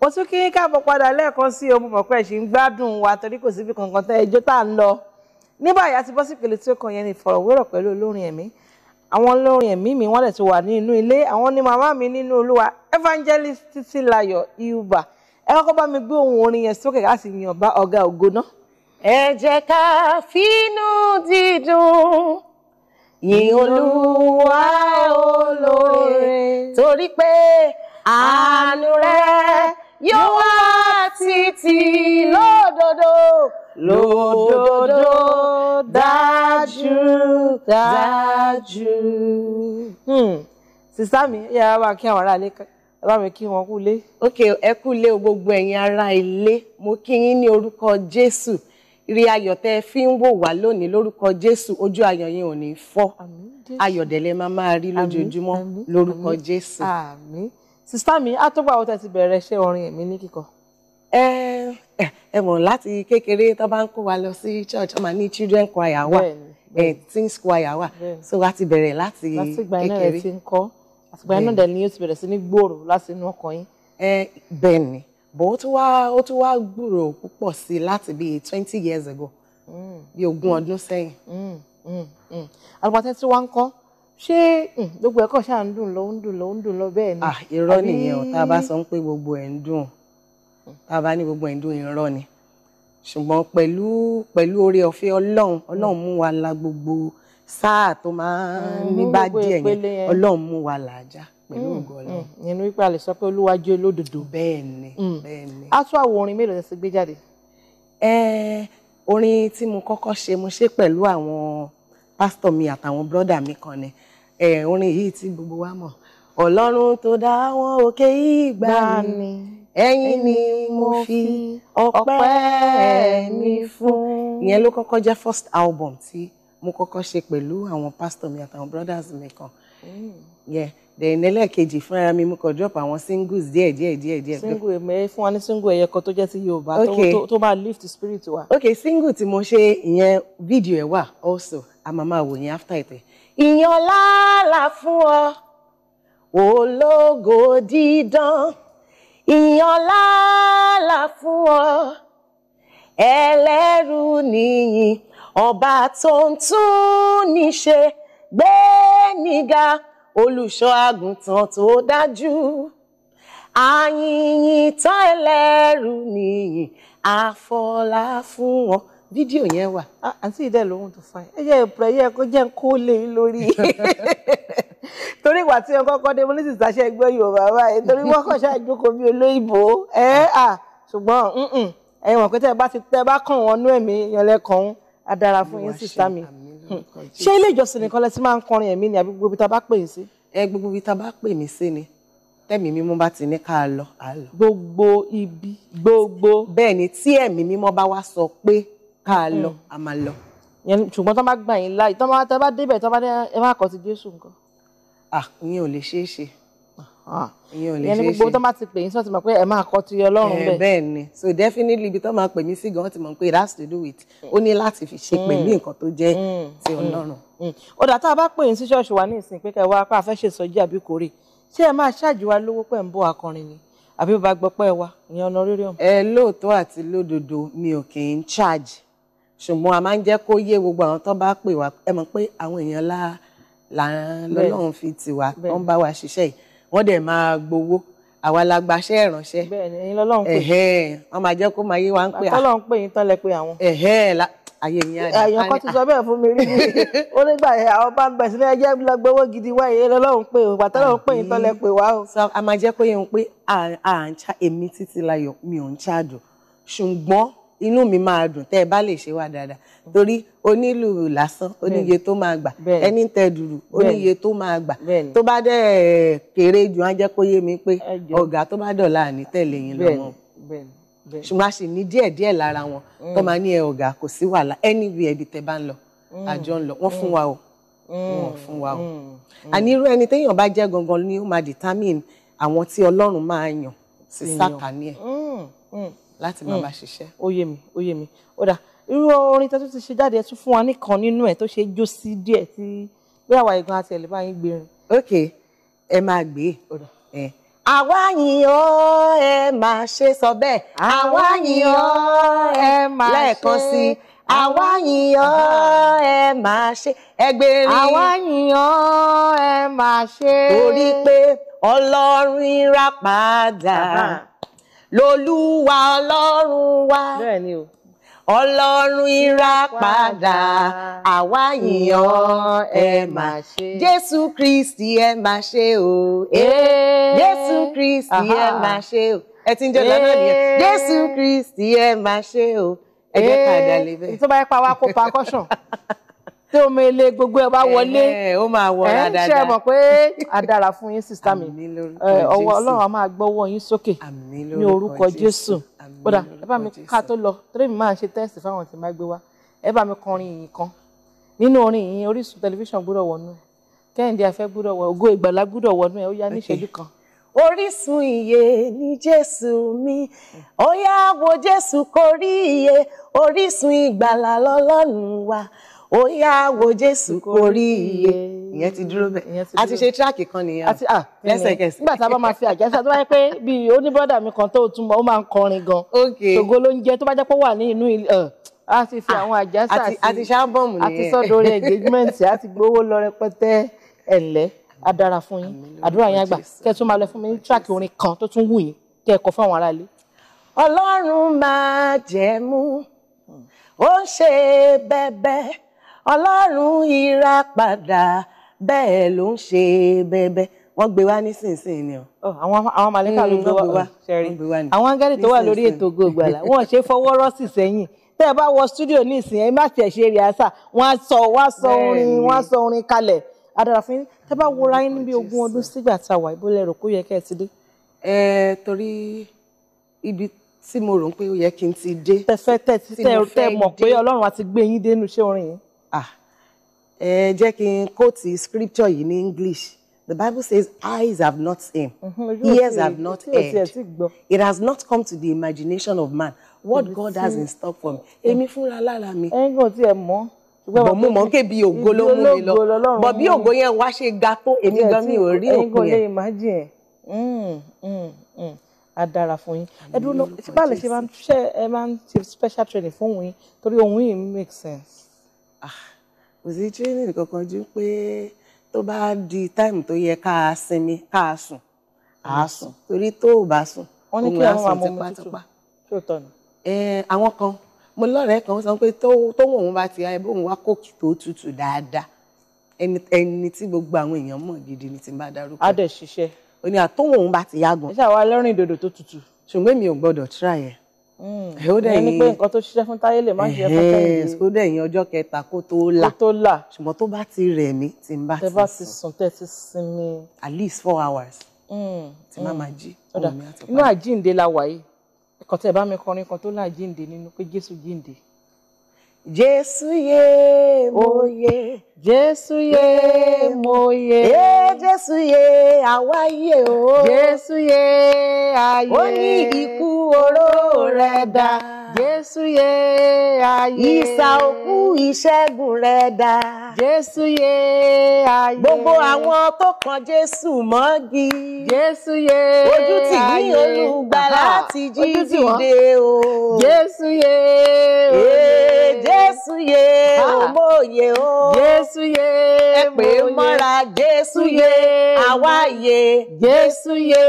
mo tún kí káàbọ̀ padà lẹ́ẹ̀kan sí omi mọ̀pẹ́ ṣì ń gbádùn wa torí kò síbi kankan tẹ́ ẹjọ́ tá à ń lọ ní báyìí ti bọ́ sí ìpele tí ó kàn yẹn ní ìfọ̀rọ̀wérọ̀ pẹ̀lú olórin ẹ̀mí àwọn olórin ẹ̀mí mi wọ́n dẹ̀ ti wà ní inú ilé àwọn ni màmá mi nínú olúwa evangelist Títílayọ̀ Yuba ẹ kọ́kọ́ bá mi gbé ohun orin yẹn sókè láti yàn bá ọ̀gá ògo ẹ jẹ́ ká fínú dídùn yìn olóore torí pé àánú rẹ̀ yóò wá títí lódodo lódodo dájú dájú. Hmm. sísá mi yàrá wa kí àwọn ará ilé kan bá mi kí wọn kú lé. ok ẹ kú lé o gbogbo ẹ̀yin ará ilé mo kí yín ní orúkọ Jésù ire ayọ̀ tẹ́ ẹ fi ń wò wá lónìí lórúkọ Jésù ojú ayọ̀ yín ò ní fọ́ ayọ̀dẹ̀lẹ̀ máa máa rí lójoojúmọ́ lórúkọ Jésù sista mi á tó gbà wọ́n tẹ́tí bẹ̀rẹ̀ ṣé orin ẹ̀mí ní kíkọ. ẹ ẹ mọ̀ láti kékeré tó bá ń kó wa lọ sí church ọmọ ní children choir wa teens choir wa so láti bẹ̀rẹ̀ láti kékeré. látìgbà iná rẹ̀ ti ń kọ́ àtìgbà iná dẹ̀ ni yóò ti bẹ̀rẹ̀ sí ní gbòòrò láti inú ọkàn yín. ẹ bẹ́ẹ̀ ni bó ó wá ó tún wá gbòòrò púpọ̀ sí i láti bíi twenty years ago hmm. bí ogún ọdún sẹ́yìn. alùpàtẹ́ tí wọ́n ń kọ́ ṣé hmm, gbogbo ẹ̀kọ́ ṣáà ń dùn lọ ń dùn lọ ń dùn lọ bẹ́ẹ̀ ni. Ah, irọ́ nìyẹn o tá a bá sọ pé gbogbo ẹ̀ ń dùn hmm. tá a bá ní gbogbo ẹ̀ ń dùn irọ́ ni ṣùgbọ́n pẹ̀lú pẹ̀lú oore ọ̀fẹ́ ọlọ́run ọlọ́run hmm. mú wa la gbogbo sáà tó máa ní bá díẹ̀ yẹn ọlọ́run mú wa làájá pẹ̀lú ògo ọlọ́run. ìyẹn ni wípé a lè sọ pé olúwa jẹ́ olódodo. bẹ́ẹ̀ ni bẹ́ẹ̀ ni. a tún àwọn orin mélòó ti gbé jáde. orin tí mo kọ́kọ́ ṣe mo ṣe pẹ̀lú àwọn pásítọ̀ mi àtàwọn brọ́dà mi kan ni orin yìí tí gbogbo wa mọ̀ ọlọ́run tó dá wọn òkè ìgbà mi ẹ̀yin ni mo fi ọpẹ́ mi fún. ìyẹn ló kọ́kọ́ jẹ́ first album tí mo kọ́kọ́ ṣe pẹ̀lú àwọn pastor mi àtàwọn brothers mi kan. Mm then ẹlẹ́ẹ̀kejì fúnra mi mú kàn drop àwọn singles díẹ̀ díẹ̀ díẹ̀ díẹ̀. single ẹ fún wa ní single ẹyẹ kan tó jẹ́ ti Yorùbá tó bá lift spirit wa. ok single tí mo ṣe ìyẹn fídíò ẹ wà also a máa máa wò yẹn after it. ìyàn lálà fún ọ ológo dídán ìyàn lálà fún ọ ẹlẹ́rù nìyí ọba tó ń tún ní gbé níga olùṣọ́ àgùntàn tó dájú àyìnyìn tán ẹlẹ́rù nìyìn àfọlá fún wọn fídíò yẹn wà àǹtí ìdẹ lòun tó fà ẹ jẹ ìpùrẹ yẹ kó jẹ kó lè lórí torí ìwà tí wọn kọ́kọ́ dé mo ní sísá ṣe gbọ́ yorùbá báyìí torí wọn kọ ṣàjókòó bí olóyìnbó ẹ à ṣùgbọ́n ẹwọn pé tẹ bá ti tẹ bá kàn wọn nú ẹ̀mí yanlẹ á dára fún yín sísá mi. Hmm. ṣé ilé ìjọsìn nìkan lẹ ti máa ń kọrin ẹ̀mí ni àbí gbogbo ibi tá a bá pè yín sí. ẹ gbogbo ibi tá a bá pè mí sí ni tẹ̀mí mímọ́ bá ti ní ká lọ gbogbo ibi gbogbo. bẹ́ẹ̀ ni tí ẹ̀mí mímọ́ bá wá sọ pé ká hmm. lọ a máa lọ. ṣùgbọ́n tó bá gbà yín láì tó bá débẹ̀ tó bá dé ẹ má kọ́ ti Jésù nǹkan. Ah, à ìyẹn ò lè ṣeé ṣe. Ah, ìyẹn ni gbogbo tó bá ti pè yín tó ti mọ̀ pé ẹ máa kọ́ ti ọlọ́run eh, bẹ́ẹ̀. bẹ́ẹ̀ ni so definitely ibi tó máa pè mí sí gan ti mọ̀ pé it has to do with ó ní láti fi ṣe pẹ̀lú mm. nǹkan tó jẹ́ mm. ti mm. ọlọ́run. ó dà tá a bá pè yín sí ṣọ́ọ̀ṣì wa ní ìsìn pé kẹ́ wá pé a fẹ́ ṣe ìsọjí àbí kórè ṣé ẹ máa ṣáàjì wa lówó pẹ̀ ń bọ́ akọrin ni àbí bá gbọ́ pẹ́ wa ìyẹn ọ̀nà rírì ọ̀hún. ẹ eh, lóòótọ́ àti lódodo mi ò kì í charge ṣùgbọ́n a máa ń jẹ́ kó yé gbogbo àwọn tó bá pè wá ẹ mọ̀ pé àwọn èèyàn lá lọ́lọ́run fi tiwa tó ń bá wa ṣiṣẹ́ yìí wọ́n dẹ̀ máa gbowó àwa la gbaṣẹ́ ìránṣẹ́. bẹ́ẹ̀ni ẹ̀yin lọ́lọ́run pè ẹhẹn wọ́n máa jẹ́ kó máa yé wa ń pè à. àtọlọ́run ah. pè yín tán lẹ pé àwọn. la ayé mi àdá. èèyàn kan ti sọ bẹ́ẹ̀ fún mi rí mi ó nígbà yẹn àwọn bá ń bẹ̀ sílẹ̀ ẹjẹ́ lọ gbowó gidi wá ẹ̀yin lọ́lọ́run pè o àtọlọ́run pè yín tán lẹ pè wá o. a máa jẹ́ kó yẹn pé à ń èmi títí láyọ̀ mi ò ń ṣáàdùn ṣùgbọ́n inú mi máa dùn tẹ́ ẹ bá lè ṣe wá dáadáa torí onílù lásán oníye tó máa gbà ẹni tẹ dùrù oníye tó máa gbà tó bá dẹ̀ kéré jù á jẹ́ kó yé mi pé ọ̀gá tó bá dọ̀la àní tẹ̀lé yín lọ́wọ́ ṣùgbọ́n a sì ní díẹ̀ díẹ̀ lára wọn tó mm. máa ní ẹ kò sí wàhálà anywhere ibi tẹ bá ń lọ àjọ mm. ń lọ wọ́n fún wa o mm. wọ́n fún wa o àní irú ẹni téèyàn bá jẹ́ gangan ni ó máa determine àwọn tí Ọlọ́run máa yàn sí sátani ẹ̀ láti máa mm. máa ṣiṣẹ́. ó yé mi ó yé mi ó dà irú orin tó ti ṣe jáde ẹ fún wa nìkan nínú ẹ tó ṣe jó sí díẹ̀ tí bí àwa ìgbọn àti ẹlẹbà yín gbé rin. ok ẹ máa gbé àwa yìn ọ́ ẹ máa ṣe sọ bẹ́ẹ̀ àwa yìn ọ́ ẹ máa ṣe lẹ́ẹ̀kan sí i àwa yìn ọ́ ẹ máa ṣe ẹgbẹrin àwa yìn ọ́ ẹ máa ṣe torí pé Ọlọ́run rà padà lolúwa ọlọ́run wa ọlọ́run ìràpadà àwa yìnyàn ẹ mà ṣe jésù kristi ẹ mà ṣe o jésù kristi ẹ mà ṣe o ẹ ti ń jọ lọ́nà nìyẹn jésù kristi ẹ mà ṣe o ẹ jẹ́ ká dalẹ̀ bẹ́ẹ̀. tó bá pa wá kó pa kọ́sàn. tí omi ilé gbogbo ẹ bá wọlé ó máa wọra dáadáa ẹ ṣe mọ̀ pé a fún yín sísá mi ọwọ́ Ọlọ́run a máa gbọ́wọ́ yín sókè ní orúkọ Jésù kódà ẹ bá mi ká tó lọ torí mi máa ṣe tẹ́sì fáwọn tí máa gbé wá ẹ bá mi kọrin yìí kan nínú orin yìí Orísun tẹlifíṣàn gbúdọ̀ wọnú ẹ Kẹ́hìndé Afẹ́ gbúdọ̀ wọ Ògo Ìgbàlà gbúdọ̀ wọnú ẹ ó yá níṣẹ́jú kan orísun ìyè ni jésù mi ó yá wo jésù kò orísun ìgbàlà lọ́lọ́run wa ó yá wo jésù kò rí iye ìyẹn ti dúró bẹ́ẹ̀ a ti ṣe tíráàkì kan nìyẹn àti à ah, lẹ́sẹ̀kẹsẹ̀. nígbà tá a bá máa fi àjẹsà tó bá yẹ pé bí oníbọ̀dà mi kan tó tún mọ́ ó máa ń kọrin gan ṣògo ló ń jẹ tó bá jẹ́ pé ó wà ní inú eh, a ti fi àwọn ah, àjẹsà sí àti ṣáàbọ̀mù nìyẹn àti sọ́dọ̀ọ́rẹ́ engagement àti gbowó lọ rẹpẹtẹ ẹ̀lẹ́ a dára fún yín àdúrà yín àgbà kẹ́ tún máa lọ fún mi ní tíráàkì orin kan tó tún wù yín kẹ́ ẹ̀kọ́ fún àwọn aráalé. ọlọ́run máa jẹ́ mú ó ń ṣe bẹ́ẹ̀ bẹ́ẹ̀ ọlọ́run ìrà padà bẹ́ẹ̀ ló ń ṣe bẹ́ẹ̀bẹ́ wọ́n gbé wá nísinsìnyí ni o. àwọn àwọn màlẹ́kà ló mm, gbé wá sẹ́rí àwọn áńgẹ́lì tó wà lórí ètò Ògo Ìgbàlà wọ́n ṣe fọwọ́ rọ́ọ̀sì sẹ́yìn tẹ́ ẹ bá wọ stúdíò ní ìsìn ẹ má tiẹ̀ ṣe rìhásà wọ́n á sọ wọ́n á sọ orin wọ́n á sọ orin kalẹ̀ adara fún yín tẹ́ bá wọra yín níbi ogún oh, ọdún sígbà tá a wà ibo lẹ́rọ kó yẹ kẹ́ ẹ ti dé. ẹ torí ibi tí mo rò pé ó yẹ kí n ti dé. tẹ tẹ tẹ mọ̀ pé Ọlọ́run á gbé yín dénú iṣẹ́ orin yìí ah ẹ jẹ́ kí n quote scripture yìí ní English the Bible says eyes have not seen mhm, ears have not heard it has not come to the imagination of man what God has in store for me èmi fúnra lára mi. ẹ̀yin kò tiẹ̀ mọ̀ bọ̀ mú mọ́ ké bí ògo ló mú mi lọ bọ̀ bí ògo yẹn wá ṣe ga tó èmi gan mi ò rí òkun yẹn. Mm, mm, mm. a dára fún yín ẹ dúró lọ ṣé báà lè ṣe máa ń ṣe special training fún òun yín torí òun yìí make sense. Ah, kò sí training kankan ju pé tó bá di time tó yẹ ká sinmi ká sùn á mm. sùn torí tó o bá sùn òun á sùn tipátipá àwọn kan mo lọ́rẹ̀ẹ́ kan sọ pé tóun òun bá ti ayé bóun wá kóòkì tó tutù dáadáa ẹni tí gbogbo àwọn èèyàn mọ̀ gidi ni ti bá darúgbó. á dẹ̀ ṣiṣẹ́. ó ní àtóhùn òun bá ti yàgàn. ẹ ṣáà wá lọ́rìn ìdòdò tó tutù. ṣùgbọ́n èmi ò gbọ́dọ̀ try ẹ̀. Mm. ó dẹ̀ yín ẹni pé nǹkan tó ṣiṣẹ́ fún táyé lè má ṣe fún tẹ́lẹ̀ ó dẹ̀ yín ọjọ́ kẹta kó tó là kó tó là ṣùgbọ́n tó bá ti rẹ̀ mí tí n bá ti sùn tẹ́ bá ti sùn tẹ́ ti sinmi. at least four hours mm, tí má mm. máa jí òun mi inú àjíǹde la wà yìí ẹ̀kọ́ tẹ́ bá mi kọrin kan tó láàjíǹde nínú pé Jésù jíǹde. Jésù yé mo yé. Jésù yé mo yé. Yé Jésù yé àwa yé o. Jésù yé ayé. Ó ní ikú oró rẹ̀ dà. Jésù yé ayé. Ìsà òkú ìṣẹ́gun rẹ̀ dà. Jésù yé ayé. Gbogbo àwọn tó kan Jésù mọ́gi. Jésù yé ayé. Ojú tì ní olùgbàlà ti jí dìde o. Jésù yé ayé jésù yé òmòye o jésù yé ẹ pè mọ́ra jésù yé àwa yé jésù yé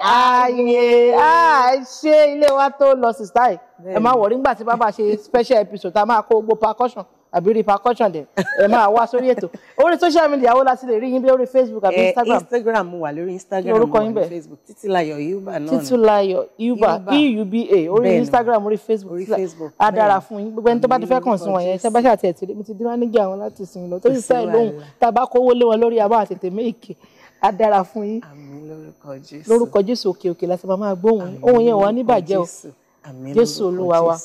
ààyè àṣe ah, ilé wa tó lọ sísá yìí ẹ má wọrí nígbà tí bàbá ṣe special episode tá a máa kó gbogbo percussion àbí rí percussion dẹ̀ ẹ máa wá sórí ètò orí social media wo la ti lè rí yín bí lórí Facebook àbí eh, Instagram. Instagram mo wà lórí Instagram mo wà lórí Facebook Títílayọ̀ Yuba náà Títílayọ̀ Yuba euba e orí Instagram orí Facebook a dára fún yín gbogbo ẹni tó bá ti fẹ́ kàn sí wọn yẹn ṣe bá ṣe àti ẹ̀tì mo ti dín mánéjì àwọn láti sìn lọ tó sì sẹ́yìn lóhùn tá a bá kówó lé wọn lórí àbá àtètè méèkì a dára fún yín lórúkọ Jésù òkè òkè láti máa gbóhùn ohun yẹn wà níbàjẹ́ o Jésù Olúwa wa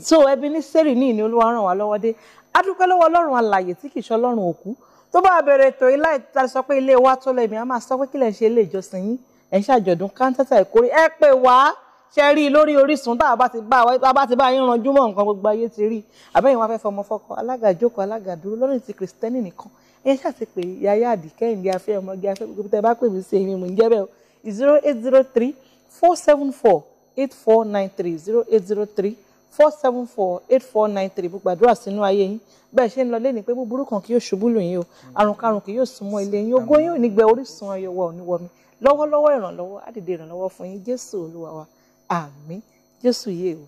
so Ebeneseri ní ìní olúwa ràn wá lọ́wọ́ dé a dúpẹ́ lọ́wọ́ ọlọ́run alààyè tí kì í ṣe ọlọ́run òkú tó bá bẹ̀rẹ̀ ètò ilá ìta sọ pé ilé wa tó lẹ́mìí a máa sọ pé kí lẹ́ ń ṣe ilé ìjọsìn yín ẹ̀ ń ṣàjọ̀dún kántẹ́tà ìkórè ẹ pè wá ṣe rí i lórí Orísun tá a bá ti bá yín ranjú mọ́ nǹkan gbogbo ayé ti rí àbẹ́yìn wa fẹ́ fọmọ fọkọ alága ìjókòó alága dúró lọ́rùn ti kìrìsìtẹ́nì nìkan ẹ ṣáà ti pè yáyá àdìkẹ́ ìdí afẹ́ ọmọge afẹ́ gbogbo tẹ bá pè mí sí èmi mò ń jẹ́ bẹ́ẹ̀ zero eight zero three four seven four eight four nine three zero eight zero three four seven four eight four nine three gbogbo àdúrà sínú ayé yín bẹ́ẹ̀ ṣe ń lọ lẹ́nu pé búburú kan kì yóò ṣubú lù yín o àrùnkárùn kì yóò sún mọ́ ilé yín ogún yín ò ní gbẹ orísun ayọ̀wọ̀ ò ní wọmi lọ́wọ́lọ́wọ́ ìrànlọ́wọ́ á dìde ìrànlọ́wọ́ fún yín jésù olúwa wa àmín jésù yé o.